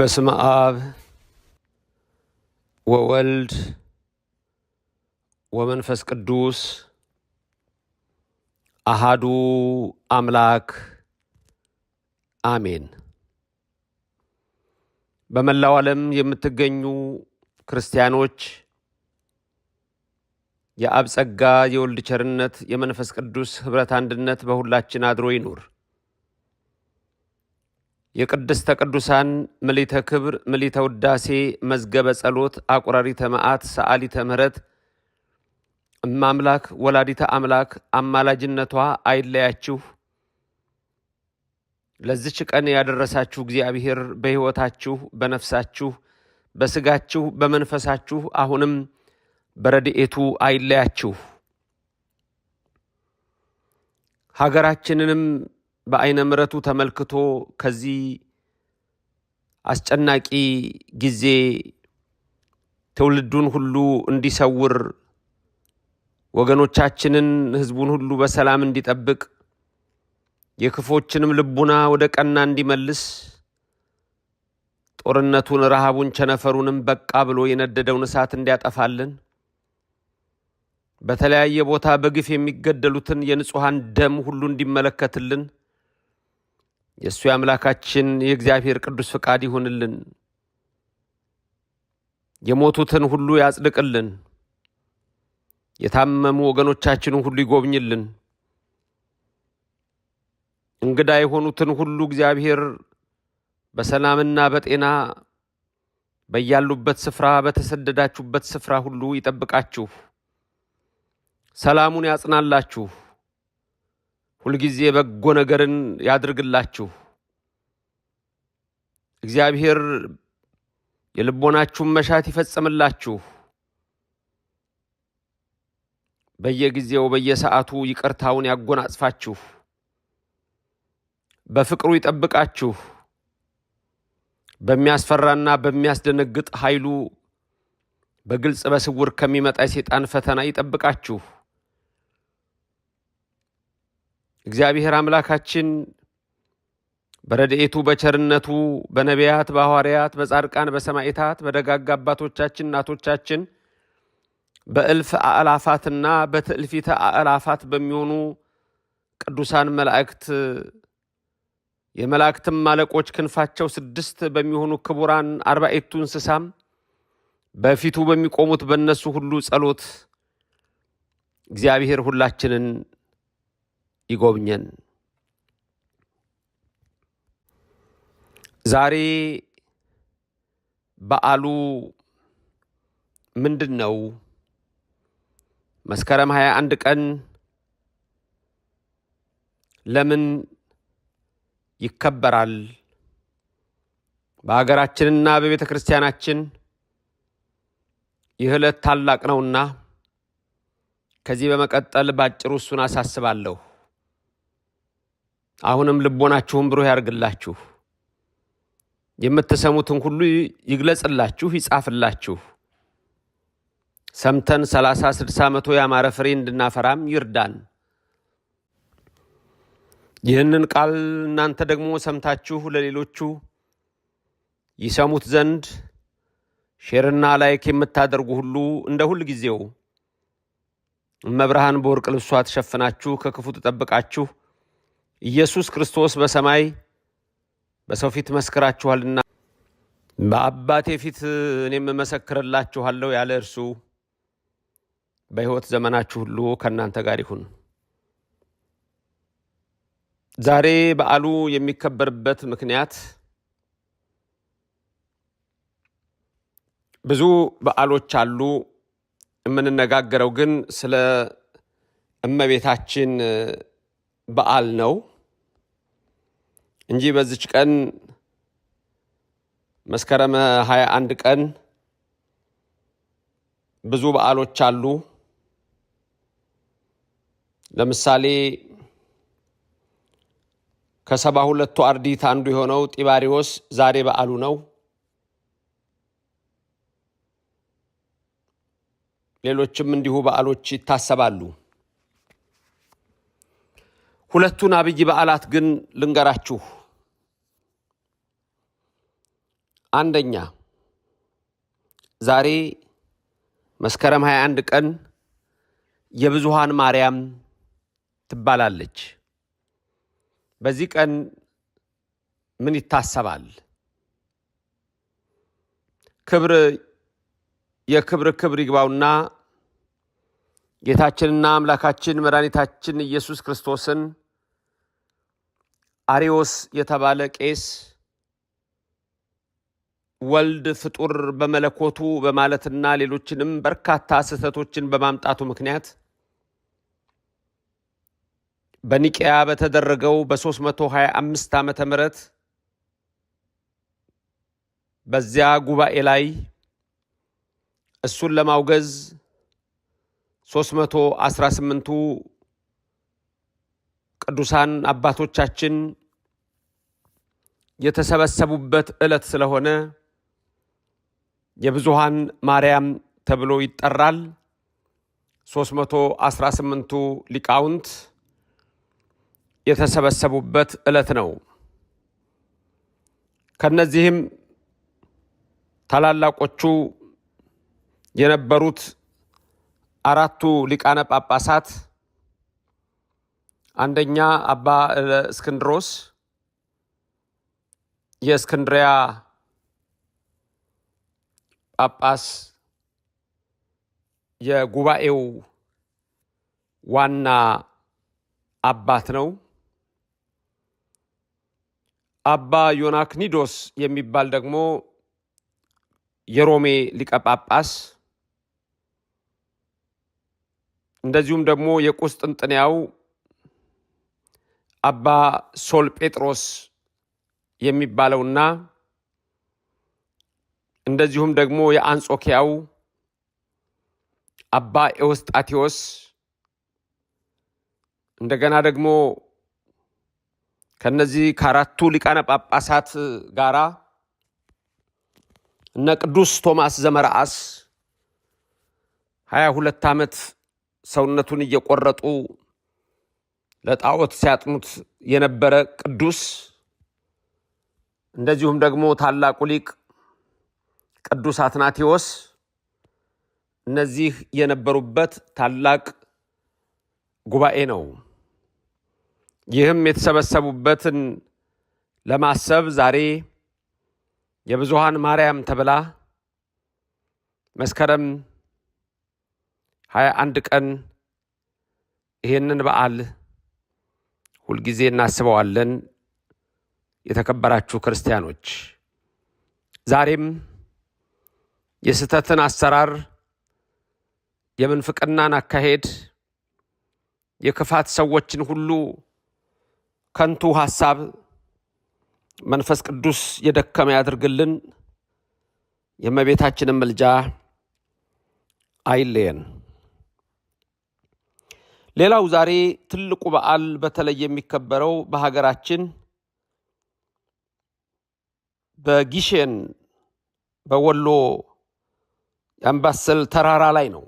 በስመ አብ ወወልድ ወመንፈስ ቅዱስ አሃዱ አምላክ አሜን። በመላው ዓለም የምትገኙ ክርስቲያኖች የአብ ጸጋ፣ የወልድ ቸርነት፣ የመንፈስ ቅዱስ ኅብረት አንድነት በሁላችን አድሮ ይኑር። የቅድስተ ቅዱሳን ምሊተ ክብር ምሊተ ውዳሴ መዝገበ ጸሎት አቁራሪተ መዓት ሰዓሊተ ምሕረት እማምላክ ወላዲተ አምላክ አማላጅነቷ አይለያችሁ። ለዚች ቀን ያደረሳችሁ እግዚአብሔር በሕይወታችሁ፣ በነፍሳችሁ፣ በስጋችሁ፣ በመንፈሳችሁ አሁንም በረድኤቱ አይለያችሁ ሀገራችንንም በአይነ ምረቱ ተመልክቶ ከዚህ አስጨናቂ ጊዜ ትውልዱን ሁሉ እንዲሰውር ወገኖቻችንን፣ ህዝቡን ሁሉ በሰላም እንዲጠብቅ የክፎችንም ልቡና ወደ ቀና እንዲመልስ ጦርነቱን፣ ረሃቡን፣ ቸነፈሩንም በቃ ብሎ የነደደውን እሳት እንዲያጠፋልን በተለያየ ቦታ በግፍ የሚገደሉትን የንጹሐን ደም ሁሉ እንዲመለከትልን የእሱ የአምላካችን የእግዚአብሔር ቅዱስ ፈቃድ ይሁንልን። የሞቱትን ሁሉ ያጽድቅልን። የታመሙ ወገኖቻችንን ሁሉ ይጎብኝልን። እንግዳ የሆኑትን ሁሉ እግዚአብሔር በሰላምና በጤና በያሉበት ስፍራ በተሰደዳችሁበት ስፍራ ሁሉ ይጠብቃችሁ፣ ሰላሙን ያጽናላችሁ። ሁልጊዜ በጎ ነገርን ያድርግላችሁ። እግዚአብሔር የልቦናችሁን መሻት ይፈጽምላችሁ። በየጊዜው በየሰዓቱ ይቅርታውን ያጎናጽፋችሁ፣ በፍቅሩ ይጠብቃችሁ፣ በሚያስፈራና በሚያስደነግጥ ኃይሉ በግልጽ በስውር ከሚመጣ የሰይጣን ፈተና ይጠብቃችሁ። እግዚአብሔር አምላካችን በረድኤቱ በቸርነቱ በነቢያት፣ በሐዋርያት፣ በጻድቃን፣ በሰማዕታት፣ በደጋግ አባቶቻችን እናቶቻችን በእልፍ አእላፋትና በትዕልፊተ አእላፋት በሚሆኑ ቅዱሳን መላእክት የመላእክትም አለቆች ክንፋቸው ስድስት በሚሆኑ ክቡራን አርባዕቱ እንስሳም በፊቱ በሚቆሙት በእነሱ ሁሉ ጸሎት እግዚአብሔር ሁላችንን ይጎብኘን። ዛሬ በዓሉ ምንድን ነው? መስከረም 21 ቀን ለምን ይከበራል? በሀገራችንና በቤተ ክርስቲያናችን ይህ ዕለት ታላቅ ነውና ከዚህ በመቀጠል ባጭሩ እሱን አሳስባለሁ። አሁንም ልቦናችሁን ብሩህ ያርግላችሁ። የምትሰሙትን ሁሉ ይግለጽላችሁ፣ ይጻፍላችሁ። ሰምተን ሰላሳ ስድሳ መቶ ያማረ ፍሬ እንድናፈራም ይርዳን። ይህንን ቃል እናንተ ደግሞ ሰምታችሁ ለሌሎቹ ይሰሙት ዘንድ ሼርና ላይክ የምታደርጉ ሁሉ እንደ ሁል ጊዜው እመብርሃን በወርቅ ልብሷ ተሸፍናችሁ ከክፉ ተጠብቃችሁ ኢየሱስ ክርስቶስ በሰማይ በሰው ፊት መስክራችኋልና በአባቴ ፊት እኔም እመሰክርላችኋለሁ ያለ እርሱ በሕይወት ዘመናችሁ ሁሉ ከእናንተ ጋር ይሁን። ዛሬ በዓሉ የሚከበርበት ምክንያት ብዙ በዓሎች አሉ። የምንነጋገረው ግን ስለ እመቤታችን በዓል ነው። እንጂ በዚች ቀን መስከረም 21 ቀን ብዙ በዓሎች አሉ። ለምሳሌ ከሰባ ሁለቱ አርዲት አንዱ የሆነው ጢባሪዎስ ዛሬ በዓሉ ነው። ሌሎችም እንዲሁ በዓሎች ይታሰባሉ። ሁለቱን አብይ በዓላት ግን ልንገራችሁ። አንደኛ ዛሬ መስከረም 21 ቀን የብዙሃን ማርያም ትባላለች። በዚህ ቀን ምን ይታሰባል? ክብር የክብር ክብር ይግባውና ጌታችንና አምላካችን መድኃኒታችን ኢየሱስ ክርስቶስን አሪዎስ የተባለ ቄስ ወልድ ፍጡር በመለኮቱ በማለትና ሌሎችንም በርካታ ስህተቶችን በማምጣቱ ምክንያት በኒቅያ በተደረገው በ325 ዓ ም በዚያ ጉባኤ ላይ እሱን ለማውገዝ 318ቱ ቅዱሳን አባቶቻችን የተሰበሰቡበት ዕለት ስለሆነ የብዙሃን ማርያም ተብሎ ይጠራል። 318ቱ ሊቃውንት የተሰበሰቡበት ዕለት ነው። ከነዚህም ታላላቆቹ የነበሩት አራቱ ሊቃነ ጳጳሳት አንደኛ አባ እስክንድሮስ የእስክንድሪያ ጳጳስ የጉባኤው ዋና አባት ነው። አባ ዮናክኒዶስ የሚባል ደግሞ የሮሜ ሊቀ ጳጳስ እንደዚሁም ደግሞ የቁስጥንጥንያው አባ ሶል ጴጥሮስ የሚባለውና እንደዚሁም ደግሞ የአንጾኪያው አባ ኤዎስጣቴዎስ እንደገና ደግሞ ከነዚህ ከአራቱ ሊቃነ ጳጳሳት ጋራ እነ ቅዱስ ቶማስ ዘመርአስ ሀያ ሁለት ዓመት ሰውነቱን እየቆረጡ ለጣዖት ሲያጥኑት የነበረ ቅዱስ እንደዚሁም ደግሞ ታላቁ ሊቅ ቅዱስ አትናቴዎስ እነዚህ የነበሩበት ታላቅ ጉባኤ ነው። ይህም የተሰበሰቡበትን ለማሰብ ዛሬ የብዙሃን ማርያም ተብላ መስከረም 21 ቀን ይህንን በዓል ሁልጊዜ እናስበዋለን። የተከበራችሁ ክርስቲያኖች ዛሬም የስህተትን አሰራር፣ የምንፍቅናን አካሄድ፣ የክፋት ሰዎችን ሁሉ ከንቱ ሐሳብ መንፈስ ቅዱስ የደከመ ያድርግልን። የእመቤታችንን ምልጃ አይለየን። ሌላው ዛሬ ትልቁ በዓል በተለይ የሚከበረው በሀገራችን በጊሼን በወሎ የአምባሰል ተራራ ላይ ነው።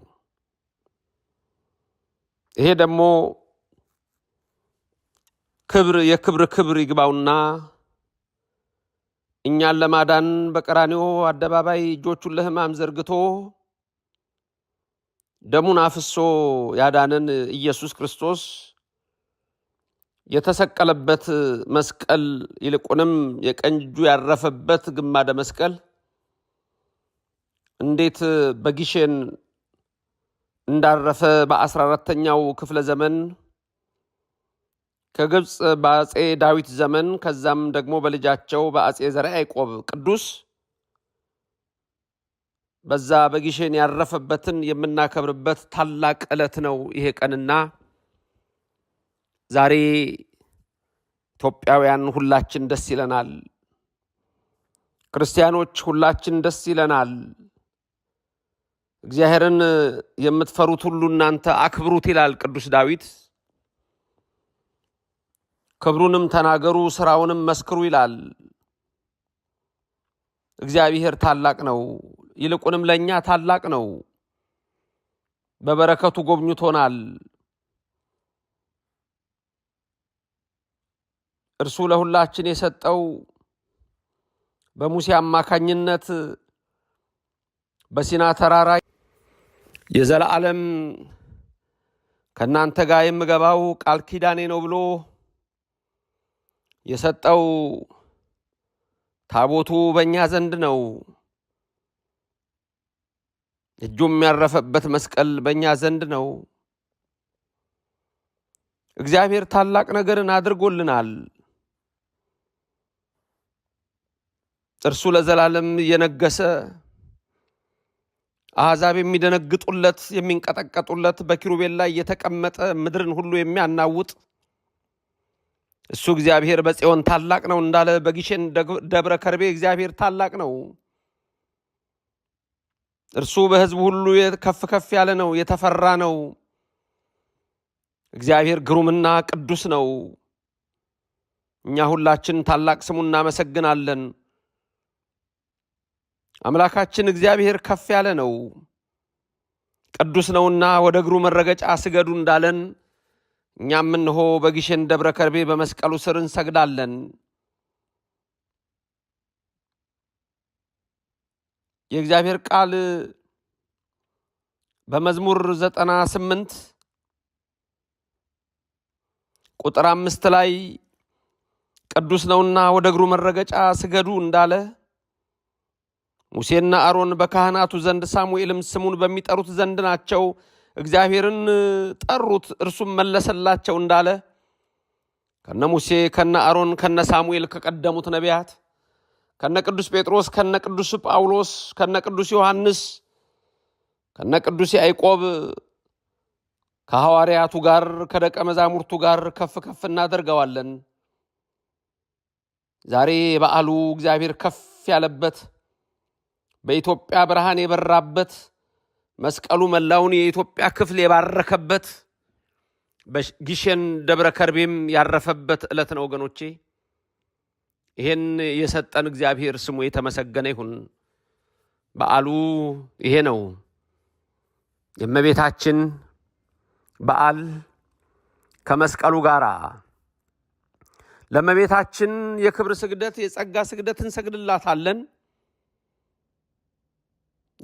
ይሄ ደግሞ ክብር የክብር ክብር ይግባውና እኛን ለማዳን በቀራኒዮ አደባባይ እጆቹን ለሕማም ዘርግቶ ደሙን አፍሶ ያዳንን ኢየሱስ ክርስቶስ የተሰቀለበት መስቀል ይልቁንም የቀኝ እጁ ያረፈበት ግማደ መስቀል እንዴት በጊሼን እንዳረፈ በአስራ አራተኛው ክፍለ ዘመን ከግብፅ በአጼ ዳዊት ዘመን ከዛም ደግሞ በልጃቸው በአጼ ዘርዓ ያዕቆብ ቅዱስ በዛ በጊሼን ያረፈበትን የምናከብርበት ታላቅ ዕለት ነው ይሄ ቀንና ዛሬ ኢትዮጵያውያን ሁላችን ደስ ይለናል። ክርስቲያኖች ሁላችን ደስ ይለናል። እግዚአብሔርን የምትፈሩት ሁሉ እናንተ አክብሩት ይላል ቅዱስ ዳዊት። ክብሩንም ተናገሩ፣ ስራውንም መስክሩ ይላል። እግዚአብሔር ታላቅ ነው፣ ይልቁንም ለእኛ ታላቅ ነው። በበረከቱ ጎብኝቶናል። እርሱ ለሁላችን የሰጠው በሙሴ አማካኝነት በሲና ተራራ የዘላለም ከእናንተ ጋር የምገባው ቃል ኪዳኔ ነው ብሎ የሰጠው ታቦቱ በእኛ ዘንድ ነው። እጁ የሚያረፈበት መስቀል በእኛ ዘንድ ነው። እግዚአብሔር ታላቅ ነገርን አድርጎልናል። እርሱ ለዘላለም እየነገሰ አሕዛብ የሚደነግጡለት የሚንቀጠቀጡለት በኪሩቤል ላይ የተቀመጠ ምድርን ሁሉ የሚያናውጥ እሱ እግዚአብሔር በጽዮን ታላቅ ነው እንዳለ በጊሼን ደብረ ከርቤ እግዚአብሔር ታላቅ ነው። እርሱ በሕዝብ ሁሉ ከፍ ከፍ ያለ ነው፣ የተፈራ ነው። እግዚአብሔር ግሩምና ቅዱስ ነው። እኛ ሁላችን ታላቅ ስሙ እናመሰግናለን። አምላካችን እግዚአብሔር ከፍ ያለ ነው፣ ቅዱስ ነውና ወደ እግሩ መረገጫ ስገዱ እንዳለን እኛም እንሆ በግሸን ደብረ ከርቤ በመስቀሉ ስር እንሰግዳለን። የእግዚአብሔር ቃል በመዝሙር ዘጠና ስምንት ቁጥር አምስት ላይ ቅዱስ ነውና ወደ እግሩ መረገጫ ስገዱ እንዳለ ሙሴና አሮን በካህናቱ ዘንድ ሳሙኤልም ስሙን በሚጠሩት ዘንድ ናቸው። እግዚአብሔርን ጠሩት፣ እርሱም መለሰላቸው እንዳለ ከነ ሙሴ ከነ አሮን ከነ ሳሙኤል ከቀደሙት ነቢያት ከነ ቅዱስ ጴጥሮስ ከነ ቅዱስ ጳውሎስ ከነ ቅዱስ ዮሐንስ ከነ ቅዱስ ያዕቆብ ከሐዋርያቱ ጋር ከደቀ መዛሙርቱ ጋር ከፍ ከፍ እናደርገዋለን። ዛሬ በዓሉ እግዚአብሔር ከፍ ያለበት በኢትዮጵያ ብርሃን የበራበት መስቀሉ መላውን የኢትዮጵያ ክፍል የባረከበት በጊሸን ደብረ ከርቤም ያረፈበት ዕለት ነው ወገኖቼ። ይሄን የሰጠን እግዚአብሔር ስሙ የተመሰገነ ይሁን። በዓሉ ይሄ ነው። የእመቤታችን በዓል ከመስቀሉ ጋር ለእመቤታችን የክብር ስግደት የጸጋ ስግደት እንሰግድላታለን።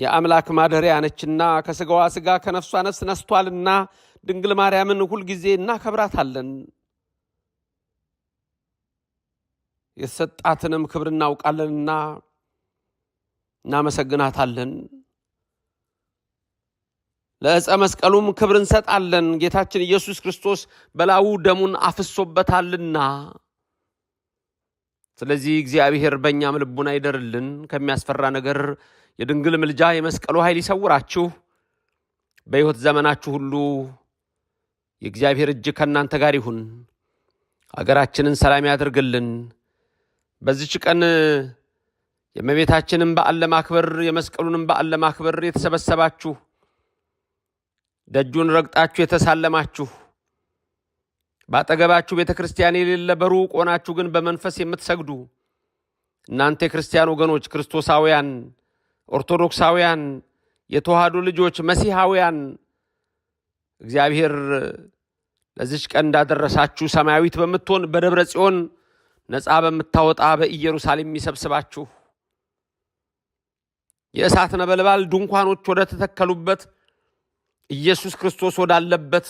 የአምላክ ማደሪያ ነችና ከሥጋዋ ሥጋ ከነፍሷ ነፍስ ነስቷልና ድንግል ማርያምን ሁልጊዜ እናከብራታለን። የተሰጣትንም ክብር እናውቃለንና እናመሰግናታለን። ለዕፀ መስቀሉም ክብር እንሰጣለን። ጌታችን ኢየሱስ ክርስቶስ በላዩ ደሙን አፍሶበታልና። ስለዚህ እግዚአብሔር በእኛም ልቡን አይደርልን ከሚያስፈራ ነገር የድንግል ምልጃ የመስቀሉ ኃይል ይሰውራችሁ። በሕይወት ዘመናችሁ ሁሉ የእግዚአብሔር እጅ ከእናንተ ጋር ይሁን። አገራችንን ሰላም ያድርግልን። በዚች ቀን የእመቤታችንን በዓል ለማክበር የመስቀሉንም በዓል ለማክበር የተሰበሰባችሁ ደጁን ረግጣችሁ የተሳለማችሁ ባጠገባችሁ ቤተ ክርስቲያን የሌለ በሩቅ ሆናችሁ ግን በመንፈስ የምትሰግዱ እናንተ የክርስቲያን ወገኖች ክርስቶሳውያን ኦርቶዶክሳውያን የተዋህዶ ልጆች መሲሐውያን እግዚአብሔር ለዚች ቀን እንዳደረሳችሁ ሰማያዊት በምትሆን በደብረ ጽዮን ነፃ በምታወጣ በኢየሩሳሌም የሚሰብስባችሁ የእሳት ነበልባል ድንኳኖች ወደ ተተከሉበት ኢየሱስ ክርስቶስ ወዳለበት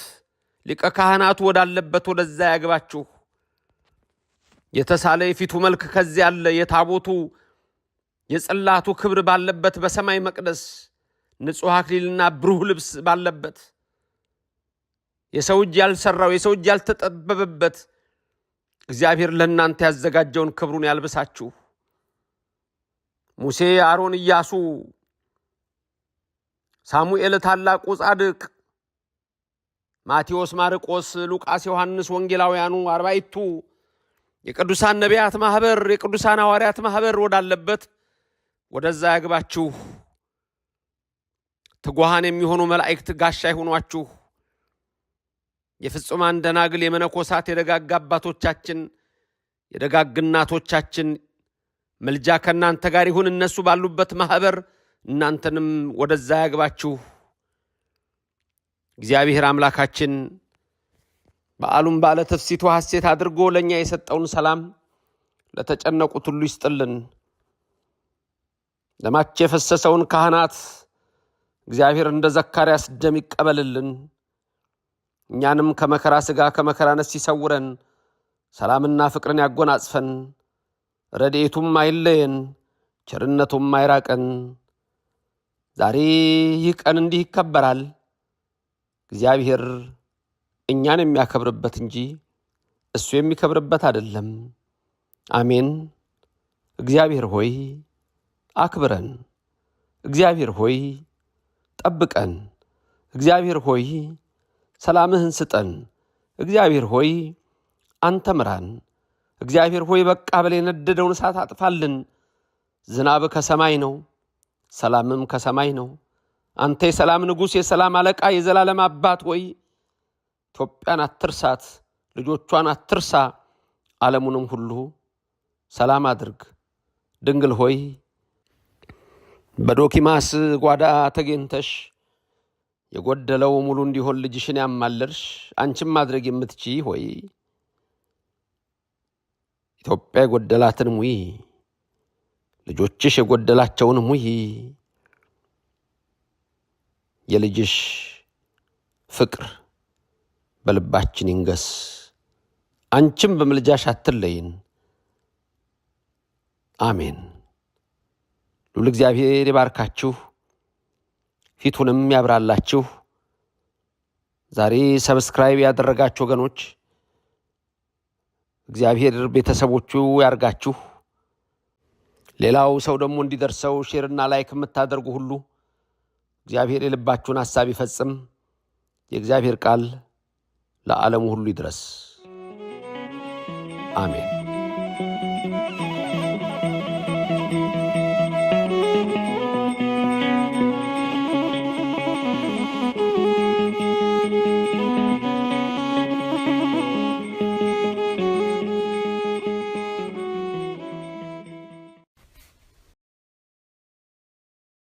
ሊቀ ካህናቱ ወዳለበት ወደዛ ያግባችሁ። የተሳለ የፊቱ መልክ ከዚያ ያለ የታቦቱ የጽላቱ ክብር ባለበት በሰማይ መቅደስ ንጹሕ አክሊልና ብሩህ ልብስ ባለበት የሰው እጅ ያልሰራው የሰው እጅ ያልተጠበበበት እግዚአብሔር ለእናንተ ያዘጋጀውን ክብሩን ያልብሳችሁ። ሙሴ፣ አሮን፣ ኢያሱ፣ ሳሙኤል፣ ታላቁ ጻድቅ፣ ማቴዎስ፣ ማርቆስ፣ ሉቃስ፣ ዮሐንስ፣ ወንጌላውያኑ፣ አርባይቱ፣ የቅዱሳን ነቢያት ማህበር፣ የቅዱሳን ሐዋርያት ማህበር ወዳለበት ወደዛ ያግባችሁ። ትጉሃን የሚሆኑ መላእክት ጋሻ ይሆኗችሁ የፍጹማን ደናግል የመነኮሳት የደጋግ አባቶቻችን የደጋግ እናቶቻችን ምልጃ ከእናንተ ጋር ይሁን። እነሱ ባሉበት ማኅበር እናንተንም ወደዛ ያግባችሁ። እግዚአብሔር አምላካችን በዓሉም ባለ ተፍሲቱ ሐሴት አድርጎ ለእኛ የሰጠውን ሰላም ለተጨነቁት ሁሉ ይስጥልን። ለማች የፈሰሰውን ካህናት እግዚአብሔር እንደ ዘካርያስ ደም ይቀበልልን። እኛንም ከመከራ ሥጋ ከመከራ ነፍስ ይሰውረን። ሰላምና ፍቅርን ያጎናጽፈን። ረድኤቱም አይለየን፣ ቸርነቱም አይራቀን። ዛሬ ይህ ቀን እንዲህ ይከበራል። እግዚአብሔር እኛን የሚያከብርበት እንጂ እሱ የሚከብርበት አይደለም። አሜን። እግዚአብሔር ሆይ አክብረን። እግዚአብሔር ሆይ ጠብቀን። እግዚአብሔር ሆይ ሰላምህን ስጠን። እግዚአብሔር ሆይ አንተ ምራን። እግዚአብሔር ሆይ በል፣ የነደደውን እሳት አጥፋልን። ዝናብ ከሰማይ ነው፣ ሰላምም ከሰማይ ነው። አንተ የሰላም ንጉሥ፣ የሰላም አለቃ፣ የዘላለም አባት ሆይ ኢትዮጵያን አትርሳት፣ ልጆቿን አትርሳ፣ ዓለሙንም ሁሉ ሰላም አድርግ። ድንግል ሆይ በዶኪማስ ጓዳ ተገኝተሽ የጎደለው ሙሉ እንዲሆን ልጅሽን ያማለርሽ አንቺም ማድረግ የምትቺ ሆይ ኢትዮጵያ የጎደላትን ሙይ፣ ልጆችሽ የጎደላቸውን ሙይ። የልጅሽ ፍቅር በልባችን ይንገስ። አንቺም በምልጃሽ አትለይን። አሜን። ሉል እግዚአብሔር ይባርካችሁ፣ ፊቱንም ያብራላችሁ። ዛሬ ሰብስክራይብ ያደረጋችሁ ወገኖች እግዚአብሔር ቤተሰቦቹ ያርጋችሁ። ሌላው ሰው ደግሞ እንዲደርሰው ሼርና ላይክ የምታደርጉ ሁሉ እግዚአብሔር የልባችሁን ሐሳብ ይፈጽም። የእግዚአብሔር ቃል ለዓለሙ ሁሉ ይድረስ። አሜን።